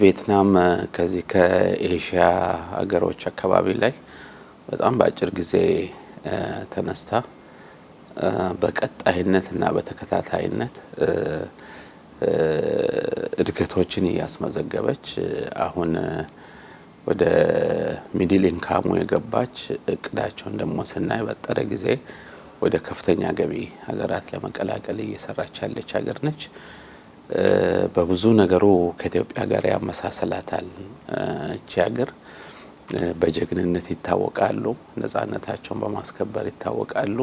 ቬትናም ከዚህ ከኤሽያ ሀገሮች አካባቢ ላይ በጣም በአጭር ጊዜ ተነስታ በቀጣይነት እና በተከታታይነት እድገቶችን እያስመዘገበች አሁን ወደ ሚድል ኢንካሙ የገባች እቅዳቸውን ደግሞ ስናይ በጠረ ጊዜ ወደ ከፍተኛ ገቢ ሀገራት ለመቀላቀል እየሰራች ያለች ሀገር ነች። በብዙ ነገሩ ከኢትዮጵያ ጋር ያመሳሰላታል። እቺ ሀገር በጀግንነት ይታወቃሉ፣ ነጻነታቸውን በማስከበር ይታወቃሉ።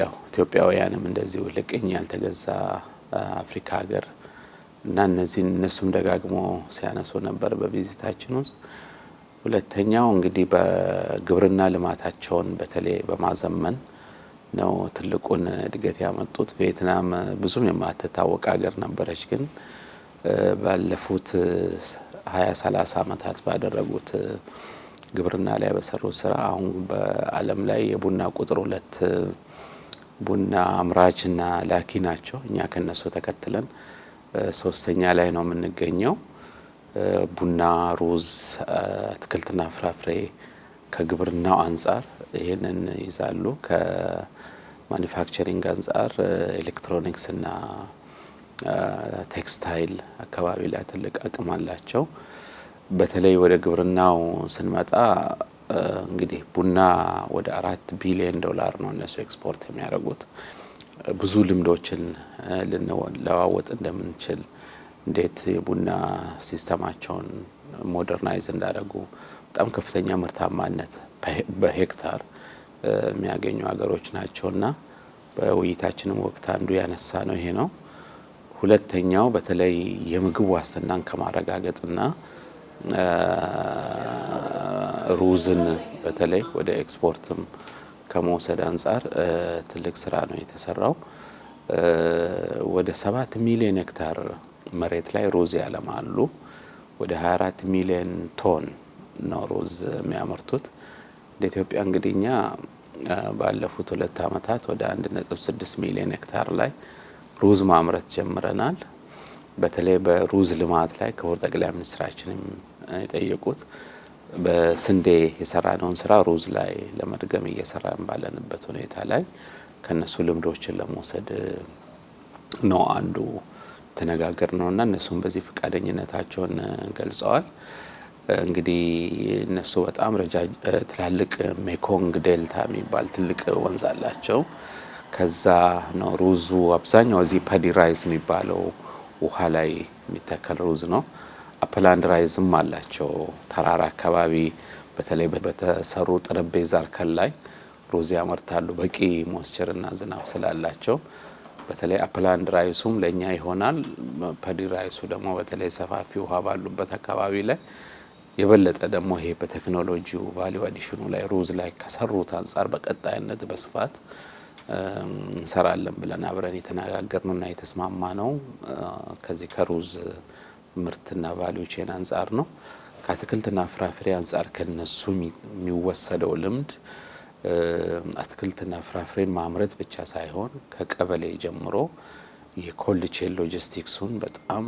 ያው ኢትዮጵያውያንም እንደዚሁ ልቅኝ ያልተገዛ አፍሪካ ሀገር እና እነዚህን እነሱም ደጋግሞ ሲያነሱ ነበር በቪዚታችን ውስጥ። ሁለተኛው እንግዲህ በግብርና ልማታቸውን በተለይ በማዘመን ነው ትልቁን እድገት ያመጡት። ቪየትናም ብዙም የማትታወቅ ሀገር ነበረች፣ ግን ባለፉት ሀያ ሰላሳ ዓመታት ባደረጉት ግብርና ላይ በሰሩት ስራ አሁን በዓለም ላይ የቡና ቁጥር ሁለት ቡና አምራችና ላኪ ናቸው። እኛ ከነሱ ተከትለን ሶስተኛ ላይ ነው የምንገኘው። ቡና፣ ሩዝ፣ አትክልትና ፍራፍሬ ከግብርናው አንጻር ይህንን ይዛሉ። ከማኒፋክቸሪንግ አንጻር ኤሌክትሮኒክስና ቴክስታይል አካባቢ ላይ ትልቅ አቅም አላቸው። በተለይ ወደ ግብርናው ስንመጣ እንግዲህ ቡና ወደ አራት ቢሊዮን ዶላር ነው እነሱ ኤክስፖርት የሚያደርጉት። ብዙ ልምዶችን ልንለዋወጥ እንደምንችል እንዴት የቡና ሲስተማቸውን ሞደርናይዝ እንዳደረጉ በጣም ከፍተኛ ምርታማነት በሄክታር የሚያገኙ ሀገሮች ናቸው እና በውይይታችንም ወቅት አንዱ ያነሳ ነው ይሄ ነው። ሁለተኛው በተለይ የምግብ ዋስትናን ከማረጋገጥና ሩዝን በተለይ ወደ ኤክስፖርትም ከመውሰድ አንጻር ትልቅ ስራ ነው የተሰራው። ወደ ሰባት ሚሊዮን ሄክታር መሬት ላይ ሩዝ ያለማሉ። ወደ 24 ሚሊዮን ቶን ነው ሩዝ የሚያመርቱት። እንደ ኢትዮጵያ እንግዲህ እኛ ባለፉት ሁለት ዓመታት ወደ ስድስት ሚሊዮን ሄክታር ላይ ሩዝ ማምረት ጀምረናል። በተለይ በሩዝ ልማት ላይ ክቡር ጠቅላይ ሚኒስትራችንም የጠየቁት በስንዴ የሰራነውን ስራ ሩዝ ላይ ለመድገም እየሰራን ባለንበት ሁኔታ ላይ ከነሱ ልምዶችን ለመውሰድ ነው አንዱ ተነጋገር እና እነሱም በዚህ ፈቃደኝነታቸውን ገልጸዋል። እንግዲህ እነሱ በጣም ትላልቅ ሜኮንግ ዴልታ የሚባል ትልቅ ወንዝ አላቸው። ከዛ ነው ሩዙ አብዛኛው እዚህ ፐዲ ራይዝ የሚባለው ውሃ ላይ የሚተከል ሩዝ ነው። አፕላንድ ራይዝም አላቸው። ተራራ አካባቢ በተለይ በተሰሩ ጠረጴዛ እርከን ላይ ሩዝ ያመርታሉ። በቂ ሞስቸርና ዝናብ ስላላቸው በተለይ አፕላንድ ራይሱም ለእኛ ይሆናል። ፐዲ ራይሱ ደግሞ በተለይ ሰፋፊ ውሃ ባሉበት አካባቢ ላይ የበለጠ ደግሞ ይሄ በቴክኖሎጂው ቫሊዩ አዲሽኑ ላይ ሩዝ ላይ ከሰሩት አንጻር በቀጣይነት በስፋት እንሰራለን ብለን አብረን የተነጋገርነውና የተስማማ ነው ከዚህ ከሩዝ ምርትና ቫሊዩ ቼን አንጻር ነው። ከአትክልትና ፍራፍሬ አንጻር ከነሱ የሚወሰደው ልምድ አትክልትና ፍራፍሬን ማምረት ብቻ ሳይሆን ከቀበሌ ጀምሮ የኮልድ ቼን ሎጂስቲክሱን በጣም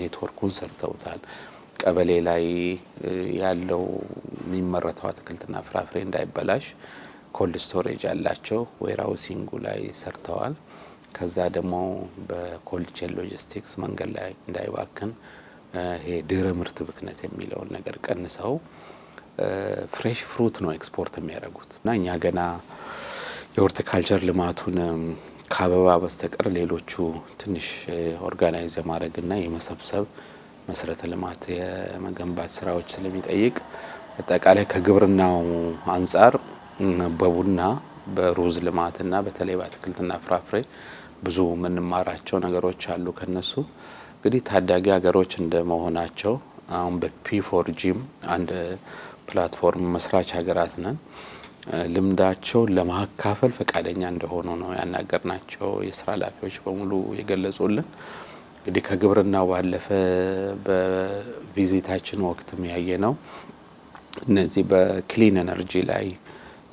ኔትወርኩን ሰርተውታል። ቀበሌ ላይ ያለው የሚመረተው አትክልትና ፍራፍሬ እንዳይበላሽ ኮልድ ስቶሬጅ ያላቸው ዌራውሲንጉ ላይ ሰርተዋል። ከዛ ደግሞ በኮልድ ቼን ሎጂስቲክስ መንገድ ላይ እንዳይባክን ይሄ ድህረ ምርት ብክነት የሚለውን ነገር ቀንሰው ፍሬሽ ፍሩት ነው ኤክስፖርት የሚያደርጉት እና እኛ ገና የሆርቲካልቸር ልማቱን ከአበባ በስተቀር ሌሎቹ ትንሽ ኦርጋናይዝ የማድረግና የመሰብሰብ መሰረተ ልማት የመገንባት ስራዎች ስለሚጠይቅ አጠቃላይ ከግብርናው አንጻር በቡና በሩዝ ልማትና በተለይ በአትክልትና ፍራፍሬ ብዙ የምንማራቸው ነገሮች አሉ። ከነሱ እንግዲህ ታዳጊ ሀገሮች እንደመሆናቸው አሁን በፒፎርጂም አንድ ፕላትፎርም መስራች ሀገራት ነን። ልምዳቸው ለማካፈል ፈቃደኛ እንደሆኑ ነው ያናገርናቸው የስራ ኃላፊዎች በሙሉ የገለጹልን። እንግዲህ ከግብርናው ባለፈ በቪዚታችን ወቅትም ያየ ነው። እነዚህ በክሊን ኤነርጂ ላይ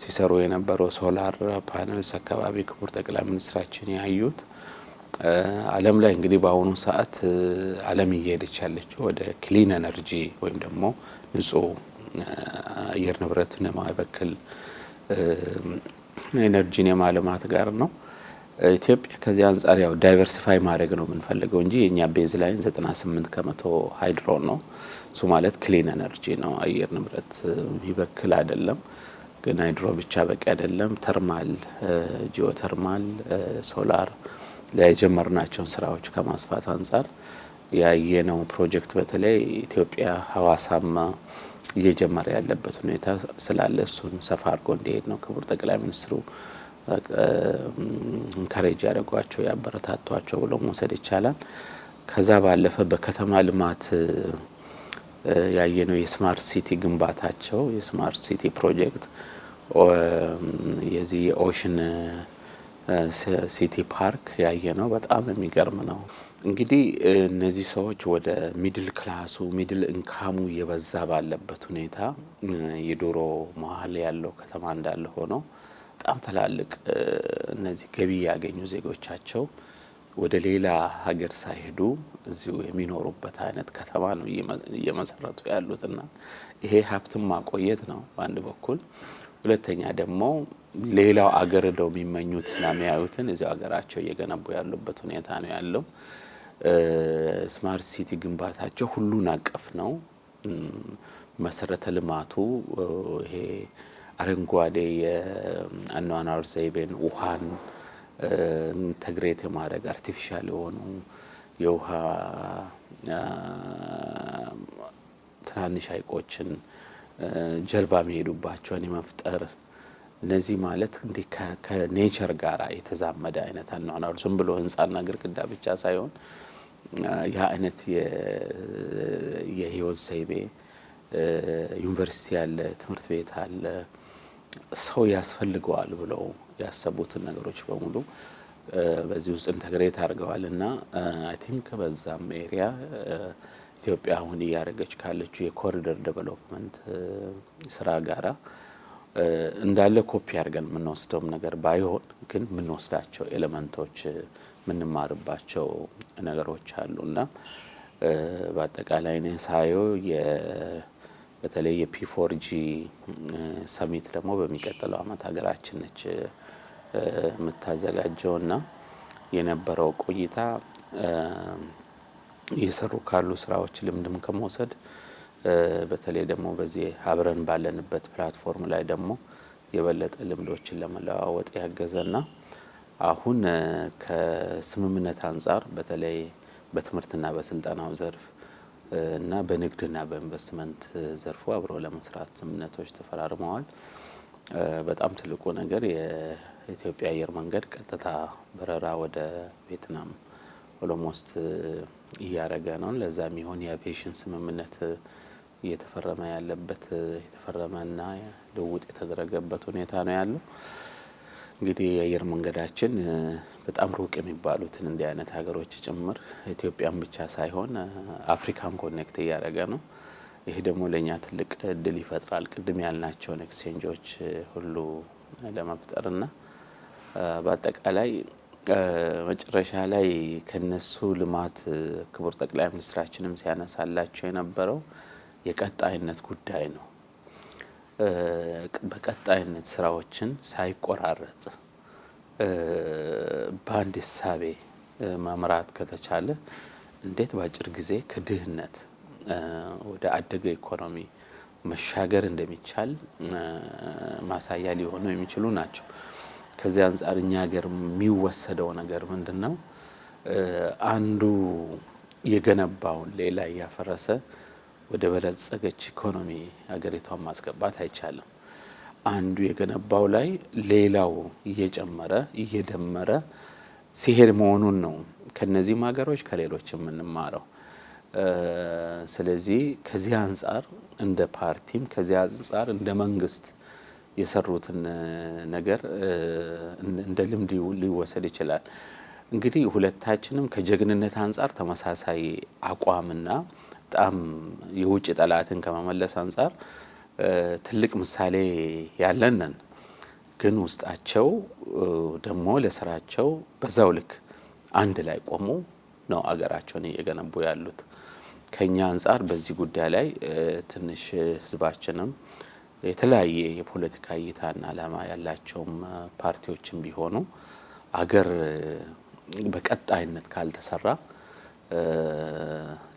ሲሰሩ የነበረው ሶላር ፓነልስ አካባቢ ክቡር ጠቅላይ ሚኒስትራችን ያዩት ዓለም ላይ እንግዲህ በአሁኑ ሰዓት ዓለም እየሄደች ያለችው ወደ ክሊን ኤነርጂ ወይም ደግሞ ንጹህ አየር ንብረትን የማይበክል ኤነርጂን የማልማት ጋር ነው። ኢትዮጵያ ከዚህ አንጻር ያው ዳይቨርሲፋይ ማድረግ ነው የምንፈልገው እንጂ የእኛ ቤዝ ላይን 98 ከመቶ ሃይድሮ ነው። እሱ ማለት ክሊን ኤነርጂ ነው፣ አየር ንብረት ይበክል አይደለም። ግን ሃይድሮ ብቻ በቂ አይደለም። ተርማል፣ ጂኦተርማል፣ ሶላር ለጀመርናቸውን ስራዎች ከማስፋት አንጻር ያየነው ፕሮጀክት በተለይ ኢትዮጵያ ሀዋሳማ እየጀመረ ያለበት ሁኔታ ስላለ እሱን ሰፋ አድርጎ እንዲሄድ ነው ክቡር ጠቅላይ ሚኒስትሩ እንከሬጅ ያደረጓቸው ያበረታቷቸው ብሎ መውሰድ ይቻላል። ከዛ ባለፈ በከተማ ልማት ያየነው የስማርት ሲቲ ግንባታቸው የስማርት ሲቲ ፕሮጀክት የዚህ የኦሽን ሲቲ ፓርክ ያየነው በጣም የሚገርም ነው። እንግዲህ እነዚህ ሰዎች ወደ ሚድል ክላሱ ሚድል እንካሙ የበዛ ባለበት ሁኔታ የድሮ መሀል ያለው ከተማ እንዳለ ሆነው በጣም ትላልቅ እነዚህ ገቢ ያገኙ ዜጎቻቸው ወደ ሌላ ሀገር ሳይሄዱ እዚሁ የሚኖሩበት አይነት ከተማ ነው እየመሰረቱ ያሉትና ይሄ ሀብትን ማቆየት ነው በአንድ በኩል። ሁለተኛ ደግሞ ሌላው አገር የሚመኙት የሚመኙትና የሚያዩትን እዚያው ሀገራቸው እየገነቡ ያሉበት ሁኔታ ነው ያለው። ስማርት ሲቲ ግንባታቸው ሁሉን አቀፍ ነው። መሰረተ ልማቱ ይሄ አረንጓዴ የአኗኗር ዘይቤን ውሃን ኢንተግሬት የማድረግ አርቲፊሻል የሆኑ የውሃ ትናንሽ ሀይቆችን ጀልባ የሚሄዱባቸውን የመፍጠር እነዚህ ማለት እንዲህ ከኔቸር ጋር የተዛመደ አይነት አኗኗር ዝም ብሎ ህንፃና ግድግዳ ብቻ ሳይሆን ያ አይነት የህይወት ዘይቤ ዩኒቨርሲቲ አለ፣ ትምህርት ቤት አለ። ሰው ያስፈልገዋል ብለው ያሰቡትን ነገሮች በሙሉ በዚህ ውስጥ ኢንተግሬት አድርገዋል እና አይ ቲንክ በዛም ኤሪያ ኢትዮጵያ አሁን እያደረገች ካለችው የኮሪደር ዴቨሎፕመንት ስራ ጋራ እንዳለ ኮፒ አድርገን የምንወስደውም ነገር ባይሆን ግን የምንወስዳቸው ኤሌመንቶች የምንማርባቸው ነገሮች አሉ እና በአጠቃላይ ሳየው በተለይ የፒፎርጂ ሰሚት ደግሞ በሚቀጥለው አመት ሀገራችን ነች የምታዘጋጀው እና የነበረው ቆይታ እየሰሩ ካሉ ስራዎች ልምድም ከመውሰድ በተለይ ደግሞ በዚህ አብረን ባለንበት ፕላትፎርም ላይ ደግሞ የበለጠ ልምዶችን ለመለዋወጥ ያገዘና አሁን ከስምምነት አንጻር በተለይ በትምህርትና በስልጠናው ዘርፍ እና በንግድና በኢንቨስትመንት ዘርፎ አብሮ ለመስራት ስምምነቶች ተፈራርመዋል። በጣም ትልቁ ነገር የኢትዮጵያ አየር መንገድ ቀጥታ በረራ ወደ ቬትናም ኦሎሞስት እያረገ ነው። ለዛ የሚሆን የአቪዬሽን ስምምነት እየተፈረመ ያለበት የተፈረመና ልውውጥ የተደረገበት ሁኔታ ነው ያለው። እንግዲህ የአየር መንገዳችን በጣም ሩቅ የሚባሉትን እንዲህ አይነት ሀገሮች ጭምር ኢትዮጵያን ብቻ ሳይሆን አፍሪካን ኮኔክት እያደረገ ነው። ይህ ደግሞ ለእኛ ትልቅ እድል ይፈጥራል። ቅድም ያልናቸውን ኤክስቼንጆች ሁሉ ለመፍጠርና በአጠቃላይ መጨረሻ ላይ ከነሱ ልማት ክቡር ጠቅላይ ሚኒስትራችንም ሲያነሳላቸው የነበረው የቀጣይነት ጉዳይ ነው። በቀጣይነት ስራዎችን ሳይቆራረጥ በአንድ እሳቤ መምራት ከተቻለ እንዴት በአጭር ጊዜ ከድህነት ወደ አደገ ኢኮኖሚ መሻገር እንደሚቻል ማሳያ ሊሆኑ የሚችሉ ናቸው። ከዚህ አንጻር እኛ ሀገር የሚወሰደው ነገር ምንድን ነው? አንዱ የገነባውን ሌላ እያፈረሰ ወደ በለጸገች ኢኮኖሚ ሀገሪቷን ማስገባት አይቻልም። አንዱ የገነባው ላይ ሌላው እየጨመረ እየደመረ ሲሄድ መሆኑን ነው ከነዚህም ሀገሮች ከሌሎች የምንማረው። ስለዚህ ከዚህ አንጻር እንደ ፓርቲም ከዚህ አንጻር እንደ መንግስት የሰሩትን ነገር እንደ ልምድ ሊወሰድ ይችላል። እንግዲህ ሁለታችንም ከጀግንነት አንጻር ተመሳሳይ አቋምና በጣም የውጭ ጠላትን ከመመለስ አንጻር ትልቅ ምሳሌ ያለንን ግን ውስጣቸው ደግሞ ለስራቸው በዛው ልክ አንድ ላይ ቆሙ ነው አገራቸውን እየገነቡ ያሉት። ከኛ አንጻር በዚህ ጉዳይ ላይ ትንሽ ህዝባችንም የተለያየ የፖለቲካ እይታና አላማ ያላቸውም ፓርቲዎችም ቢሆኑ አገር በቀጣይነት ካልተሰራ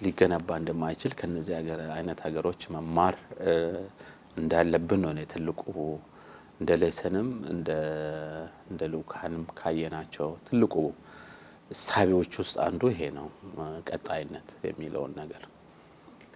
ሊገነባ እንደማይችል ከነዚህ ሀገር አይነት ሀገሮች መማር እንዳለብን ነው እኔ ትልቁ እንደ ሌሰንም እንደ ልኡካንም ካየናቸው ትልቁ ሳቢዎች ውስጥ አንዱ ይሄ ነው፣ ቀጣይነት የሚለውን ነገር